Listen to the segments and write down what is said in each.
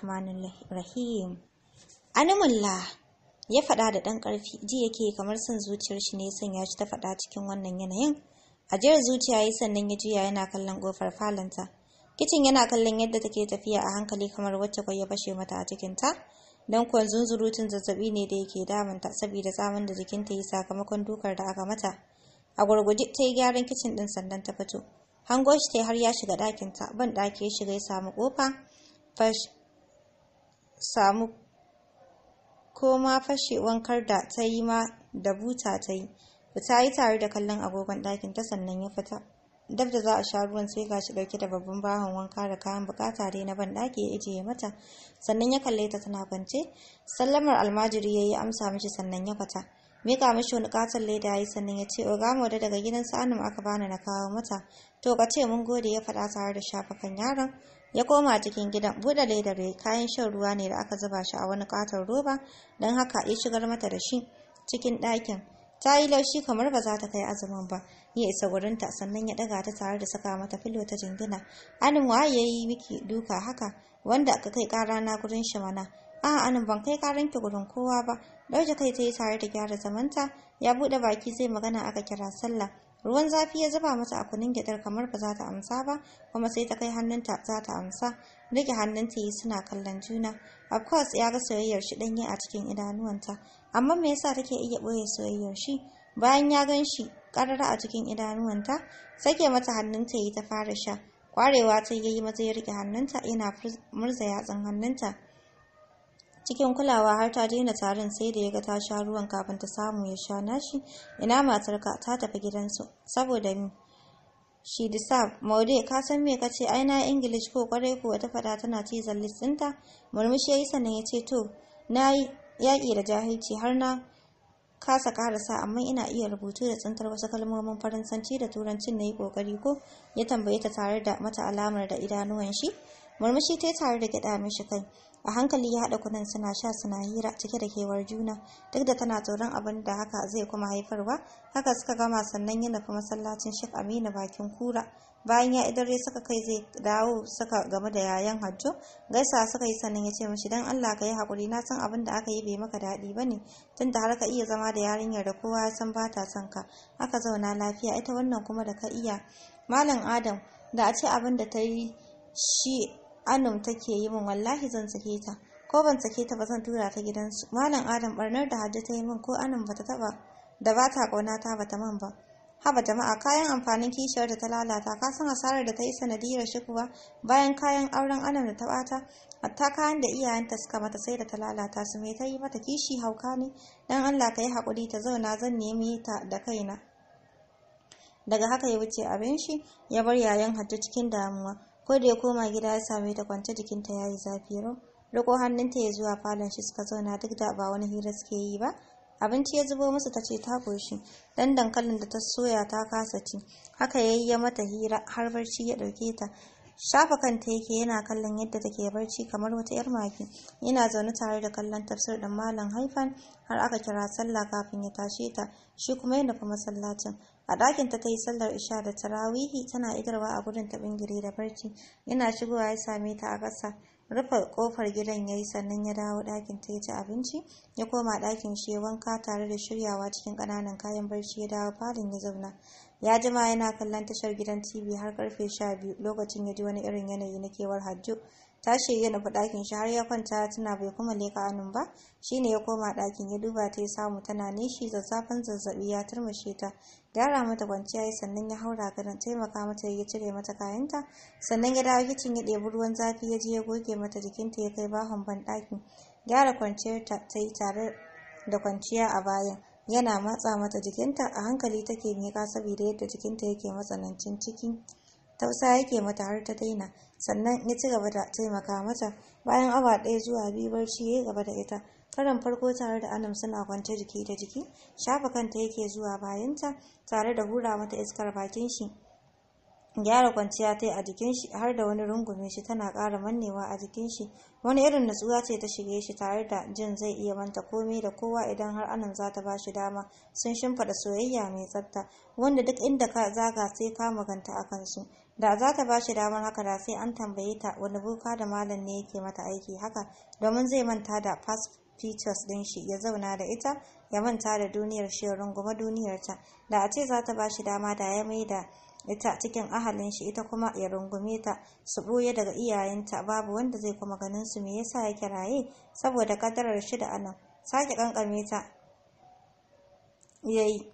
rahmanin rahim animullah ya faɗa da ɗan karfi ji yake kamar son zuciyar shi ne ya sanya shi ta faɗa cikin wannan yanayin ajiyar zuciya yi sannan ya juya yana kallon ƙofar falonta kicin yana kallon yadda take tafiya a hankali kamar wacce kwai bashe mata a cikinta don kuwa zunzurutun zazzabi ne da yake damunta saboda tsamin da jikinta yi sakamakon dukar da aka mata a gurguje ta yi gyaran kicin din sannan ta fito hango shi ta har ya shiga ɗakinta ban ɗaki ya shiga ya samu ƙofa samu ko ma wankar da ta yi ma da buta ta yi ta yi tare da kallon agogon ɗakin ta sannan ya fita dab da za a sha ruwan sai shi ɗauke da babban bahon wanka da kayan bukata dai na ban ɗaki ya ijiye mata sannan ya kalle ta tana kwance sallamar almajiri ya yi amsa mishi sannan ya fita mika mishi wani katon leda ya yi sannan ya ce oga mu da daga gidan sanin aka bani na kawo mata to ka ce mun gode ya faɗa tare da shafakan yaron ya koma cikin gidan buɗe ledar ya kayan shan ruwa ne da aka zuba shi a wani katon roba don haka ya shigar mata da shi cikin ɗakin ta yi laushi kamar ba za ta kai azumin ba ya isa gurinta sannan ya ɗaga ta tare da saka mata filo ta jingina anin waye ya yi miki duka haka wanda aka kai ƙara na gurin shi mana a'a anin ban kai ƙaran ki gurin kowa ba ɗauke kai ta yi tare da gyara zamanta ya buɗe baki zai magana aka kira sallah ruwan zafi ya zuba mata a kunun gyadar kamar ba za ta amsa ba kuma sai ta kai hannunta za ta amsa rike hannunta yi suna kallon juna of course ya ga soyayyar shi danye a cikin idanuwanta amma me yasa take iya boye soyayyar shi bayan ya gan shi karara a cikin idanuwanta sake mata hannunta yi ta fara sha kwarewa ta yi mata ya rike hannunta yana murza yatsun hannunta cikin kulawa har ta daina tarin sai da yaga ta sha ruwan kafin ta samu ya sha nashi ina matarka ta tafi gidansu saboda ni shi sa maude ka san me kace ai na english ko kwarai kuwa ta fada tana cizon zallis ɗinta murmushi yayi sannan yace to na yi da jahilci har na kasa karasa amma ina iya rubutu da tsintar wasu kalmomin faransanci da turancin na yi kokari ko ya tambaye ta tare da mata alamar da idanuwan shi murmushi ta tare da gyaɗa mishi kai a hankali ya haɗa kunan suna sha suna hira cike da kewar juna duk da tana tsoron abin da haka zai kuma haifarwa haka suka gama sannan ya nufi masallacin shek aminu bakin kura bayan ya idare suka kai zai dawo suka game da yayan hajjo gaisa suka yi sannan ya ce mashi dan Allah ka yi haƙuri na san abin da aka yi bai maka daɗi ba ne tunda har ka iya zama da yarinyar da kowa ya san bata ta son ka aka zauna lafiya ita wannan kuma da ka iya malam adam da a ce abin da ta yi shi annum take yi min wallahi zan sake ta ko ban sake ta ba zan tura ta gidansu malam adam barnar da hajji ta yi min ko annum bata taba da ba ta kauna ta bata man ba haba jama'a kayan amfanin kishiyar da ta lalata ka san asarar da ta yi sanadiyar shi bayan kayan auren annum da ta bata hatta kayan da iyayenta suka mata sai da ta lalata su mai ta yi mata kishi hauka ne dan Allah ka yi hakuri ta zauna zan nemi ta da kaina daga haka ya wuce abin shi ya bar yayan hajji cikin damuwa ko da ya koma gida ya same ta kwance jikinta ya yi zafi rau riko hannunta ya zuwa falon shi suka zauna duk da ba wani hira suke yi ba abinci ya zubo musu ta ce ta koshi dan dankalin da ta soya ta kasa ci haka ya yi mata hira har barci ya ɗauke ta shafa kanta yake yana kallon yadda take barci kamar wata yar maki yana zaune tare da kallon tafsir din malam haifan har aka kira sallah kafin ya tashe ta shi kuma ya nufi masallacin a dakin ta yi sallar isha da tarawihi tana idarwa a gudun ta bingire da barci yana shigowa ya same ta a ƙasa rufe kofar gidan yayi sannan ya dawo ɗakin ta ya ci abinci ya koma ɗakin shi ya wanka tare da shiryawa cikin ƙananan kayan barci ya dawo falin ya zauna ya jima yana kallon tashar gidan tv har karfe sha biyu lokacin ya ji wani irin yanayi na kewar Ta tashi ya nufi ɗakin shi har ya kwanta tana bai kuma leka anun ba shine ya koma ɗakin ya duba ta ya samu tana nishi zazzafan zazzabi ya turmushe ta gyara mata kwanciya yi sannan ya haura ganin taimaka mata ya cire mata kayanta sannan ya dawo kicin ya ɗebi ruwan zafi ya je ya goge mata jikinta ya kai bahon ɗaki gyara kwanciyar ta yi tare da kwanciya a bayan yana matsa mata jikinta a hankali take miƙa saboda yadda jikinta yake matsanancin ciki tausa yake mata har ta daina sannan ya ci gaba da taimaka mata bayan awa ɗaya zuwa biyu barci ya gaba da ita karan farko tare da anam suna kwance jiki da jiki shafa kanta yake zuwa bayanta tare da hura mata iskar bakin shi gyara kwanciya ta a jikin shi har da wani rungume shi tana kara mannewa a jikin shi wani irin natsuwa ce ta shige shi tare da jin zai iya manta komai da kowa idan har anan za ta bashi dama sun shimfiɗa soyayya mai tsafta wanda duk inda ka zaga sai ka maganta a kansu da za ta ba shi damar haka da sai an tambaye ta wani buka da malam ne yake mata aiki haka domin zai manta da past features din shi ya zauna da ita ya manta da duniyar shi ya runguma ta da a ce za ta ba shi dama da ya mai da ita cikin ahalin shi ita kuma ya rungume ta su ɓoye daga iyayenta babu wanda zai kuma ganin su me yasa ya kiraye saboda kadarar shi da anan sake kankame ta yayi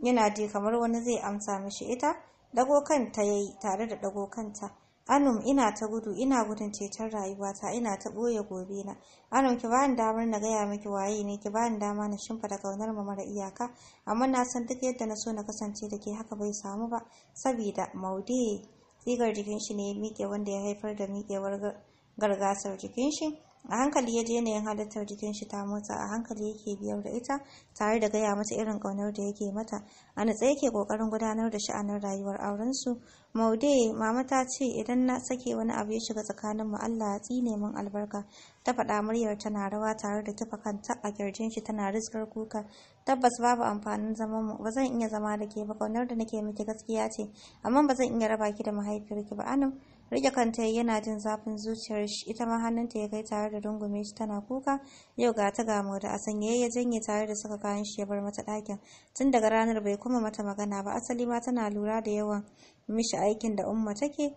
yana ji kamar wani zai amsa mishi ita Dago kanta ya yi tare da dago kanta. Anum ina ta gudu ina gudun ceton rayuwata ina ta ɓoye gobe na. Anum ki bani damar na gaya miki waye ne ki bani dama na shimfida kaunar mu mara iyaka amma na san duk yadda na so na kasance da ke haka bai samu ba saboda maude tsigar jikin shi ne mike wanda ya haifar da miƙewar gargasar jikin shi. a hankali ya je yanayin halittar jikin shi ta motsa a hankali yake biyar da ita tare da gaya mata irin kaunar da yake mata a natsa yake ƙoƙarin gudanar da sha'anin rayuwar auren su maude mama ta ce idan na sake wani abu ya shiga tsakanin mu allah ya tsine min albarka ta faɗa muryar tana rawa tare da tufa kanta a kirjin shi tana rizkar kuka tabbas babu amfanin zaman mu ba zan iya zama da ke ba kaunar da nake miki gaskiya ce amma ba zan iya raba ki da mahaifiyarki ba anan rike kanta yana jin zafin zuciyar shi ita ma hannunta ya kai tare da rungume shi tana kuka yau ga ta gamu da asan ya janye tare da suka kayan shi ya bar mata dakin tun daga ranar bai kuma mata magana ba asali ma tana lura da yawan mishi aikin da umma take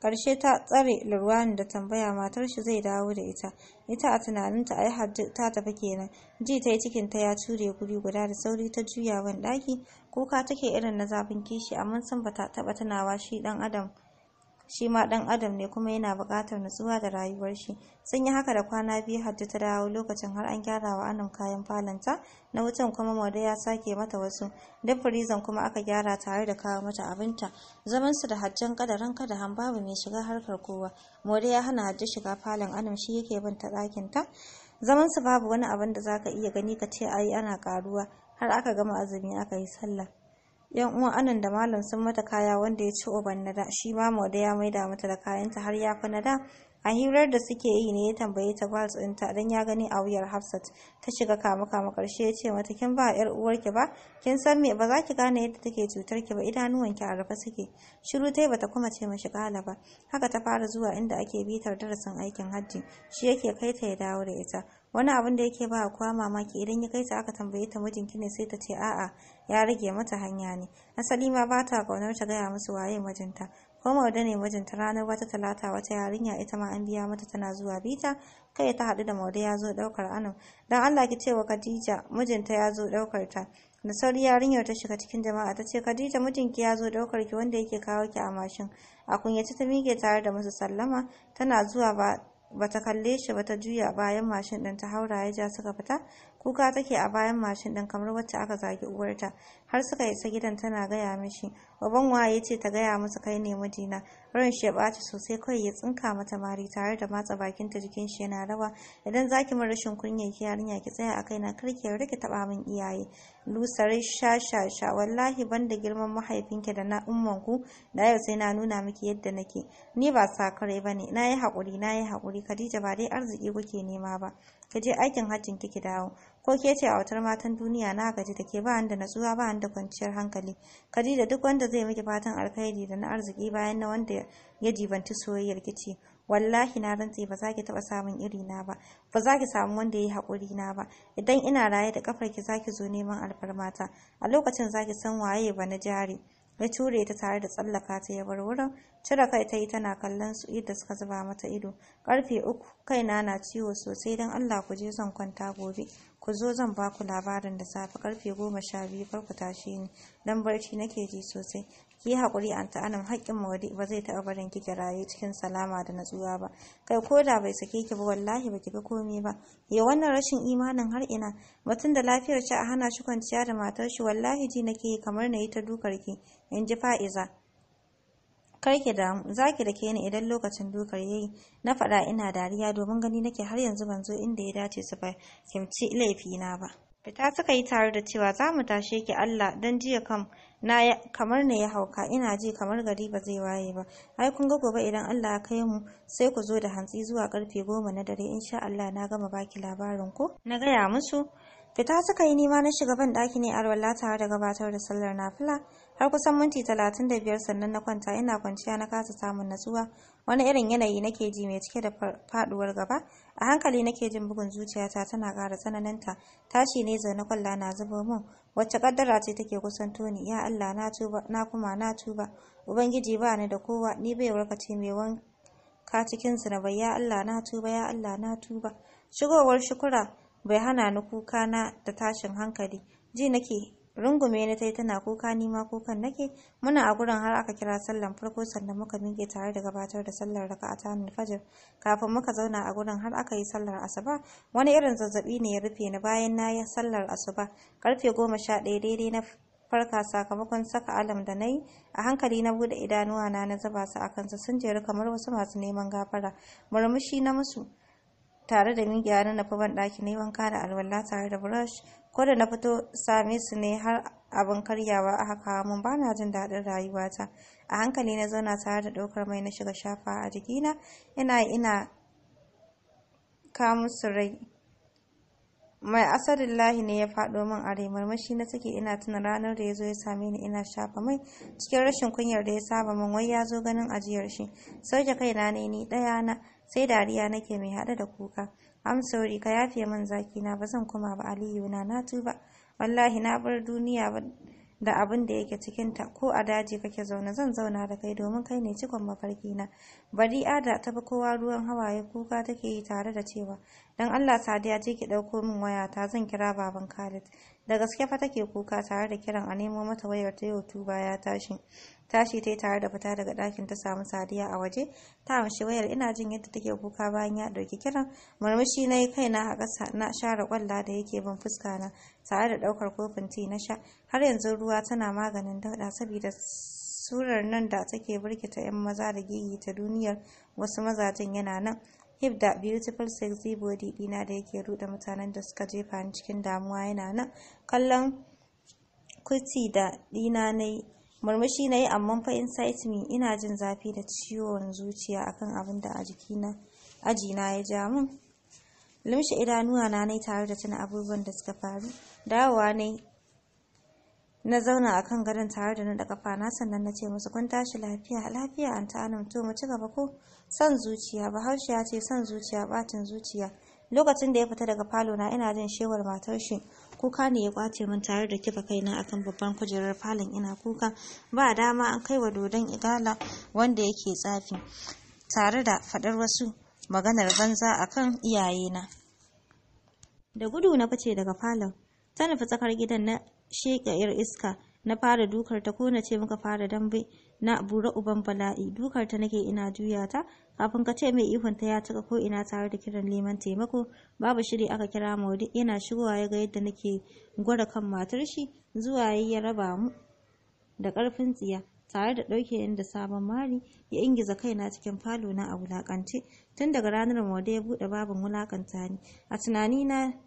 karshe ta tsare lurwani da tambaya matar shi zai dawo da ita ita a tunaninta ai haddu ta tafi kenan ji ta yi cikin ta ya ture guri guda da sauri ta juya wani daki kuka take irin na zafin kishi amma san bata taba tunawa shi dan adam shi ma ɗan adam ne kuma yana buƙatar nutsuwa da rayuwar shi sun yi haka da kwana biyu Haddu ta dawo lokacin har an gyara wa anan kayan falanta na wutan kuma mauda ya sake mata wasu duk firizan kuma aka gyara tare da kawo mata abinta zaman su da hajjan kadaran da babu mai shiga harkar kowa mauda ya hana hajji shiga falon anan shi yake bin ta ɗakin ta zaman su babu wani abin da zaka iya gani ka ce ai ana karuwa har aka gama azumi aka yi sallah yan uwan anan da malam sun mata kaya wanda ya ci uban nada shi ma da ya maida mata da kayanta har ya fi nada a hirar da suke yi ne ya tambaye ta din ta dan ya gani a wuyar hafsat ta shiga kama kama karshe ya ce mata kin ba yar uwarki ba kin san me ba za ki gane yadda take cutar ki ba ki a rufe suke shiru tai bata kuma ce mashi kala ba haka ta fara zuwa inda ake bitar darasin aikin hajji shi yake kai ta ya dawo da ita wani abin da yake ba kowa mamaki idan ya kai ta aka tambaye ta mijinki ne sai ta ce a'a ya rage mata hanya ne asali ma ba ta kaunar ta gaya musu waye mijinta ko mauda ne mijinta ranar wata talata wata yarinya ita ma an biya mata tana zuwa bita kai ta haɗu da mauda ya zo ɗaukar anan dan Allah ki ce wa Khadija mijinta ya zo ɗaukar ta da sauri yarinyar ta shiga cikin jama'a ta ce Khadija mijinki ya zo ɗaukar ki wanda yake kawo ki a mashin a kunyace ta mike tare da musu sallama tana zuwa ba Bata kalle shi ba ta juya bayan mashin ɗin ta haura ya ja suka fita kuka take a bayan mashin ɗin kamar wacce aka zagi uwarta har suka isa gidan tana gaya mishi baban waye yace ta gaya masa kai ne mijina ran shi ya baci sosai kawai ya tsinka mata mari tare da matsa bakinta jikin shi yana rawa idan zaki min rashin kunya ki yarinya ki tsaya a kaina kar ki yarda taɓa min iyaye lusarai sha sha wallahi banda girman mahaifinki da na ummanku da yau sai na nuna miki yadda nake ni ba sakarai bane na yi haƙuri na yi Khadija ba dai arziki kuke nema ba ki je aikin hajjin kiki dawo ko ke ce a wutar matan duniya na gaji da ke bayan da natsuwa bayan da kwanciyar hankali da duk wanda zai miki fatan alkhairi da na arziki bayan na wanda ya jibanci soyayyar kici wallahi na rantse ba za ki taɓa samun iri na ba ba za ki samu wanda ya yi haƙuri na ba idan ina raye da kafar ki za ki zo neman alfarmata a lokacin za ki san waye ba na jari ya ture ta tare da tsallaka ta ya bar wurin cire kai ta yi tana kallon su yadda suka zuba mata ido karfe uku kaina na ciwo sosai don allah ku je zan kwanta gobe ku zo zan baku labarin da safe karfe goma sha biyu kar ku tashi ni dan barci nake ji sosai ki yi haƙuri an ta'anin haƙƙin mawadi ba zai taɓa barin kike raye cikin salama da natsuwa ba kai ko da bai sake ki ba wallahi ba ki ga komai ba ya wannan rashin imanin har ina mutum da lafiyar shi a hana shi kwanciya da matar shi wallahi ji nake yi kamar na yi ta dukar ki in ji fa'iza kar ki damu za ki da ke ni idan lokacin dukar yayi na faɗa ina dariya domin gani nake har yanzu ban zo inda ya dace su fahimci laifina ba Fita suka yi tare da cewa za mu tashe ki Allah don jiya kam na kamar na ya hauka ina ji kamar gari ba zai waye ba ai kun ga gobe idan Allah ya kai mu sai ku zo da hantsi zuwa karfe goma na dare insha Allah na gama baki labarin ko na gaya musu Fita suka yi nima na shugaban ɗaki ne arwalla tare da gabatar da sallar nafila har kusan minti talatin da biyar sannan na kwanta ina kwanciya na kasa samun natsuwa wani irin yanayi nake ji mai cike da faduwar gaba a hankali nake jin bugun zuciyata tana ƙara tsananinta tashi ne zaune kwalla na zuba mun. wacce kaddara ce take kusan toni? ya Allah na kuma na tuba ubangiji ba ni da kowa ni bai warka ce mai wanka cikin zinabai ya Allah na tuba ya Allah na tuba shigowar shukura bai hana ni kuka na da tashin hankali ji nake rungume na tai tana kuka ni ma kukan nake muna a gurin har aka kira sallan farko sannan muka miƙe tare da gabatar da sallar raka'a ta fajar. kafin muka zauna a gurin har aka yi sallar asuba wani irin zazzabi ne ya rufe ni bayan na yi sallar asuba karfe goma sha ɗaya daidai na farka sakamakon saka alam da na yi a hankali na bude idanuwa na na zuba su a su sun jeru kamar wasu masu neman gafara murmushi na musu tare da migiya na nufi ban ɗaki ne wanka da alwala tare da brush ko da na fito same su ne har abin karyawa a haka mun ba na jin daɗin rayuwata a hankali na zauna tare da ɗaukar mai na shiga shafa a jikina ina ina kamun su mai asarin lahi ne ya faɗo min a rai marmashi na take ina tuna ranar da ya zo ya same ni ina shafa mai cikin rashin kunyar da ya saba min wai ya zo ganin ajiyar shi sauke kaina ne ni ɗaya na sai dariya nake mai hada da kuka am sorry ka yafe min zaki na ba zan koma ba aliyu na na tuba wallahi na bar duniya ba. da abin da yake ta ko a daji kake zaune zan zauna da kai domin kai ne cikon mafarki na bari ada ta fi kowa ruwan hawaye kuka take yi tare da cewa dan Allah Sadiya je ki dauko min waya ta zan kira baban Khalid da gaske fa take kuka tare da kiran a nemo mata wayar ta yau tuba ya tashi tashi ta tare da fita daga dakin ta samu sadiya a waje ta amshi wayar ina jin yadda take kuka bayan ya dauki kiran murmushi nayi yi kaina a ƙasa na share kwalla da yake ban fuska na tare da ɗaukar kofin ti na sha har yanzu ruwa tana maganin dauɗa saboda surar nan da take burkita 'yan maza da gigi ta duniyar wasu mazajen yana nan hip da beautiful sexy body dina da yake ruɗe mutanen da suka jefa ni cikin damuwa yana nan kallon kuti da dina na yi murmushi na yi amma fa insight me ina jin zafi da ciwon zuciya akan abin da a jikina ajina ya ja min lumshe idanuwa na nai tare da tuna abubuwan da suka faru dawowa ne na zauna a kan gadon tare da da kafa na sannan na ce musu kun tashi lafiya lafiya an ta to mu ci gaba ko son zuciya bahaushe ya ce son zuciya batin zuciya lokacin da ya fita daga falo na ina jin shewar matar shi kuka ne ya kwace min tare da kifa kaina akan babban kujerar falon ina kuka ba dama an kai wa dodon igala wanda yake tsafi tare da faɗar wasu maganar banza akan iyayena da gudu na fice daga falon ta nufi tsakar gidan na sheƙa yar iska na fara dukar ta ko na ce muka fara dambe na bura uban bala'i dukar ta nake ina juya ta kafin ka ce mai ihun ta ya taka ko ina tare da kiran neman taimako babu shiri aka kira maudi yana shigowa ya ga yadda nake gwada kan matar shi zuwa ya raba mu da ƙarfin tsiya tare da ɗauke da sabon mari ya ingiza kaina cikin falo na a wulakance tun daga ranar mode ya buɗe babin wulakanta ni a tunanina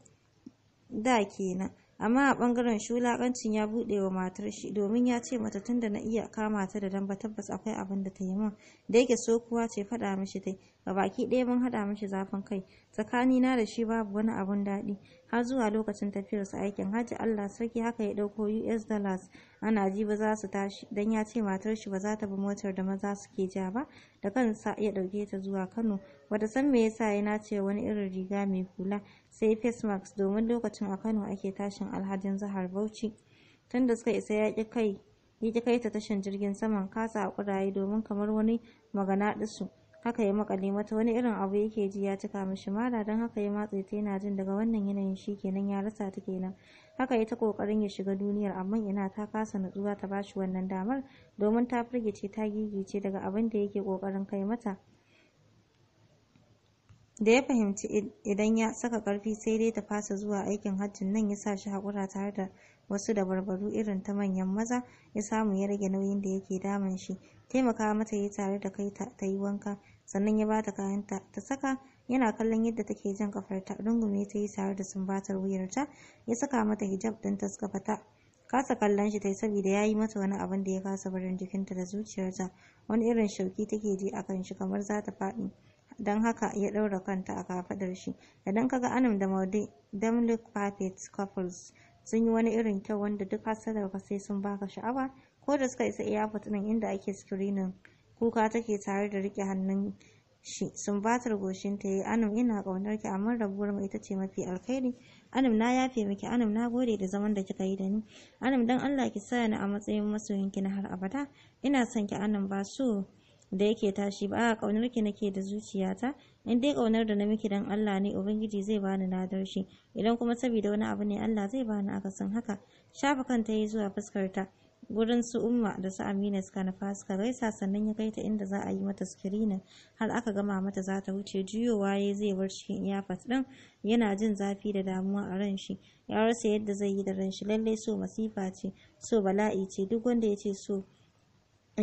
da kenan amma a bangaren shi ya buɗe wa matar shi domin ya ce mata tun da na iya kama ta da damba tabbas akwai abin da ta yi min da yake so kuwa ce faɗa mishi dai ga baki ɗaya mun haɗa mishi zafin kai tsakanina da shi babu wani abun daɗi har zuwa lokacin tafiyarsa aikin hajji allah sarki haka ya ɗauko us dollars ana ji ba za su tashi dan ya ce matar shi ba za ta bi motar da maza suke ja ba da kansa ya ɗauke ta zuwa kano wata san me yasa ya nace wani irin riga mai hula sai face mask domin lokacin a kano ake tashin alhajin zahar bauchi tun da suka isa yaƙi kai ya kai ta tashin jirgin saman kasa a kuraye domin kamar wani magana ɗisu haka ya makale mata wani irin abu yake ji ya cika mishi mara don haka ya matse ta yana jin daga wannan yanayin shi kenan ya rasa ta kenan haka ya ta kokarin ya shiga duniyar amma ina ta kasa nutsuwa ta bashi wannan damar domin ta firgice ta gigice daga abin da yake kokarin kai mata da ya fahimci idan ya saka karfi sai dai ta fasa zuwa aikin hajjin nan ya sa shi haƙura tare da wasu dabarbaru irin ta manyan maza ya samu ya rage nauyin da yake damun shi taimaka mata ya tare da kai ta yi wanka sannan ya bata kayanta ta saka yana kallon yadda take jan kafarta rungume ta yi tare da sumbatar wuyarta ya saka mata hijab din ta suka fata kasa kallon shi ta yi saboda ya yi mata wani abin da ya kasa barin jikinta da zuciyarta wani irin shauki take ji kan shi kamar za ta faɗi don haka ya ɗaura kanta a kafadar shi idan ga anam da maude demlik perfect couples sun yi wani irin kyau wanda duk hasadar ka sai sun baka sha'awa ko da suka isa airport tunan inda ake screening kuka take tare da rike hannun shi sumbatar goshin ta yi anam ina kaunar ki amma rabuwar mu ita ce mafi alkhairi anam na yafe miki anam na gode da zaman da kika yi da ni anam dan Allah ki sa ni a matsayin masoyin ki na har abada ina son ki anam ba so da yake tashi ba a kaunar ki nake da zuciyata in dai ƙaunar da na miki dan Allah ne ubangiji zai bani ladar shi idan kuma saboda wani abu ne Allah zai bani akasin haka shafa kanta yi zuwa fuskar ta gurin su umma da su amina suka nufa suka gaisa sannan ya kai ta inda za a yi mata screening har aka gama mata za ta wuce juyowa ya zai bar cikin iyafas din yana jin zafi da damuwa a ran shi ya rasa yadda zai yi da ran shi lallai so masifa ce so bala'i ce duk wanda ya ce so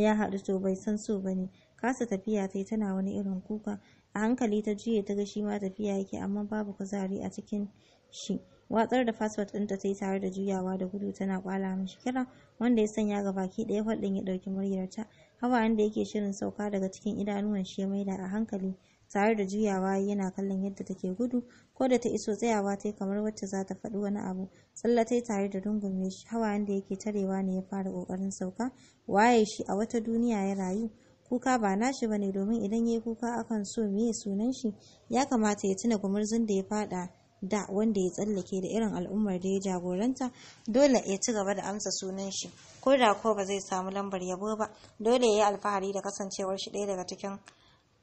ya haɗu to bai san so ba ne kasa tafiya ta tana wani irin kuka a hankali ta juye ta ga shi ma tafiya yake amma babu kuzari a cikin shi watsar da fasfot ɗinta ta yi tare da juyawa da gudu tana kwala mishi kira wanda ya sanya ga baki ɗaya faɗin ya ɗauki muryarta hawa inda yake shirin sauka daga cikin idanuwan shi ya maida a hankali tare da juyawa yana kallon yadda take gudu ko da ta iso tsayawa ta kamar wacce za ta faɗi wani abu tsallatai tare da rungume shi hawa da yake tarewa ne ya fara ƙoƙarin sauka waye shi a wata duniya ya rayu kuka ba nashi bane domin idan yayi kuka akan so meye sunan shi ya kamata ya tuna gumurzun da ya fada da wanda ya tsallake da irin al'ummar da ya jagoranta dole ya ci gaba da amsa sunan shi ko da ko ba zai samu lambar yabo ba dole ya yi alfahari da kasancewar shi ɗaya daga cikin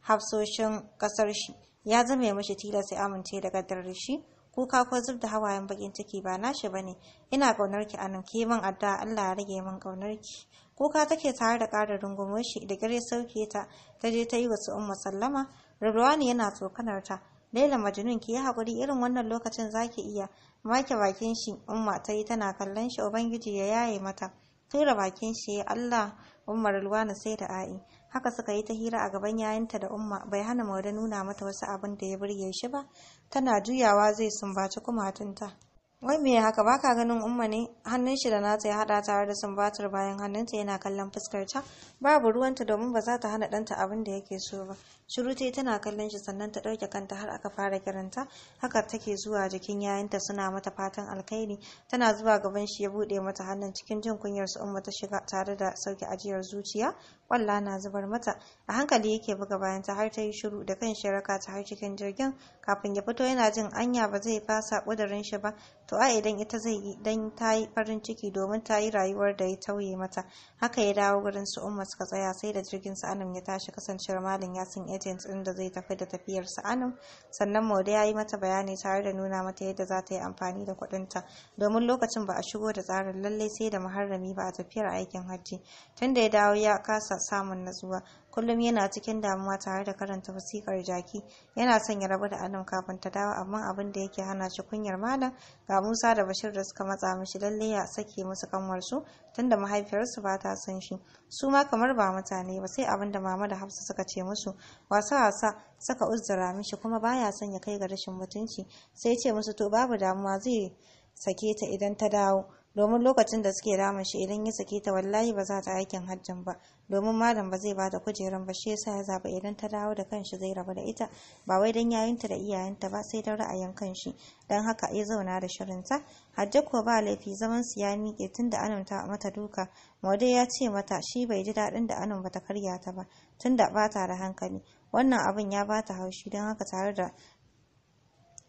hafsoshin kasar shi ya ya mashi tilas ya amince da kaddarar shi kuka ko zub da hawayen bakin ciki ba nashi ba ne? ina kaunar ki anan ki min addu'a Allah ya rage min kaunar ki kuka take tare da karar rungumar shi da gare sauke ta ta je ta yi wasu umma sallama Rilwani yana tsokanar ta Laila Majnun ki yi hakuri irin wannan lokacin zaki iya make bakin shi umma ta yi tana kallon shi ubangiji ya yaye mata tura bakin shi Allah Umar Rilwani sai da a'i haka suka yi ta hira a gaban yayanta da umma bai hana mauda nuna mata wasu abin da ya burge shi ba tana juyawa zai sumbaci kumatunta wai me haka baka ganin umma ne hannun shi da nata ya hada tare da sumbatar bayan hannunta yana kallon fuskar ta babu ruwanta domin ba za ta hana ɗanta abin da yake so ba shiru yi tana kallon shi sannan ta dauke kanta har aka fara kiranta haka take zuwa jikin yayinta suna mata fatan alkhairi tana zuwa gaban shi ya bude mata hannun cikin jin kunyar su umma ta shiga tare da sauke ajiyar zuciya kwalla na zubar mata a hankali yake buga bayan ta har ta yi shiru da kan shiraka ta har cikin jirgin kafin ya fito yana jin anya ba zai fasa kudurin shi ba to a idan ita zai yi dan ta yi farin ciki domin ta yi rayuwar da ya tauye mata haka ya dawo gurin su umma suka tsaya sai da jirgin su anan ya tashi kasancewar malin yasin agent din da zai tafi da tafiyar su anan sannan maude ya yi mata bayani tare da nuna mata yadda za ta yi amfani da kuɗinta domin lokacin ba a shigo da tsarin lallai sai da muharrami ba a tafiyar aikin hajji tunda ya dawo ya kasa samun natsuwa kullum yana cikin damuwa tare da karanta wasikar jaki yana son ya rabu da adam kafin ta dawo amma abin da yake hana shi kunyar malam ga musa da bashir da suka matsa mishi lalle ya sake musu kanwarsu tunda mahaifiyarsu ba ta son shi su ma kamar ba mutane ba sai abin da mama da hafsa suka ce musu wasa wasa saka uzura mishi kuma baya son ya kai ga rashin mutunci sai ce musu to babu damuwa zai sake ta idan ta dawo domin lokacin da suke rama shi idan ya sake ta wallahi ba za ta aikin hajjin ba domin malam ba zai bada kujeran ba shi yasa ya zaba idan ta dawo da kanshi zai rabu da ita ba wai dan yayinta da iyayenta ba sai dan ra'ayin kanshi dan haka ya zauna da shirinta hajja ko ba laifi zaman su ya miƙe tunda anan ta mata duka maude ya ce mata shi bai ji daɗin da anan bata karya ta ba tunda ba ta da hankali wannan abin ya bata haushi don haka tare da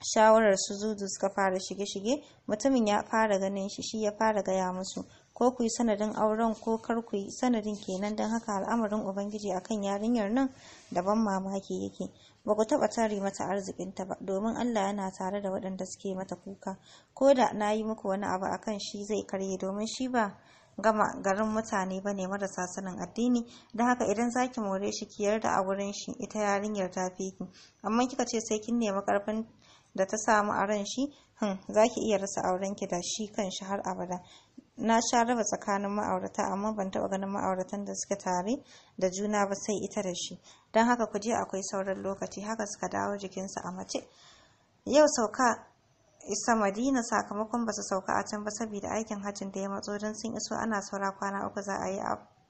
shawarar su zuzu suka fara shige-shige mutumin ya fara ganin shi shi ya fara gaya musu ko ku yi sanadin auren ko kar ku yi sanadin kenan don haka al'amarin ubangiji akan yarinyar nan daban mamaki yake ba ku taɓa tari mata arzikinta ba domin Allah yana tare da waɗanda suke mata kuka ko da na yi muku wani abu akan shi zai karye domin shi ba gama garin mutane ba ne marasa sanin addini da haka idan zaki more shi ki yarda a wurin shi ita yarinyar ta fi amma kika ce sai kin nemi karfin da ta samu a ran shi hin za ki iya rasa aurenki da shi kan shi har abada na sha raba tsakanin ma'aurata amma ban taɓa ganin ma'auratan da suka tare da juna ba sai ita da shi don haka ku je akwai sauran lokaci haka suka dawo jikinsa a mace yau sauka isa madina sakamakon ba su sauka a can ba saboda aikin hajjin da ya matso don sun iso ana saura kwana uku za a yi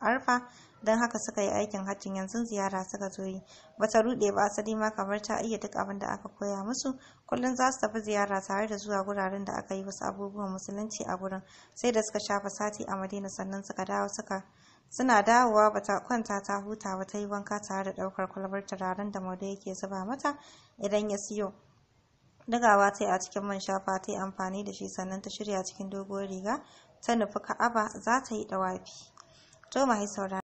arfa don haka suka yi aikin hajjin yanzu ziyara suka zo yi bata rude ba asali ma kamar ta iya duk abin da aka koya musu kullum za su tafi ziyara tare da zuwa guraren da aka yi wasu abubuwan musulunci a gurin sai da suka shafa sati a madina sannan suka dawo suka suna dawowa bata kwanta ta huta ba ta yi wanka tare da daukar kwalabar turaren da maude yake zuba mata idan ya siyo dagawa ta yi a cikin man shafa ta yi amfani da shi sannan ta shirya cikin doguwar riga ta nufi ka'aba za ta yi dawafi 就买少了。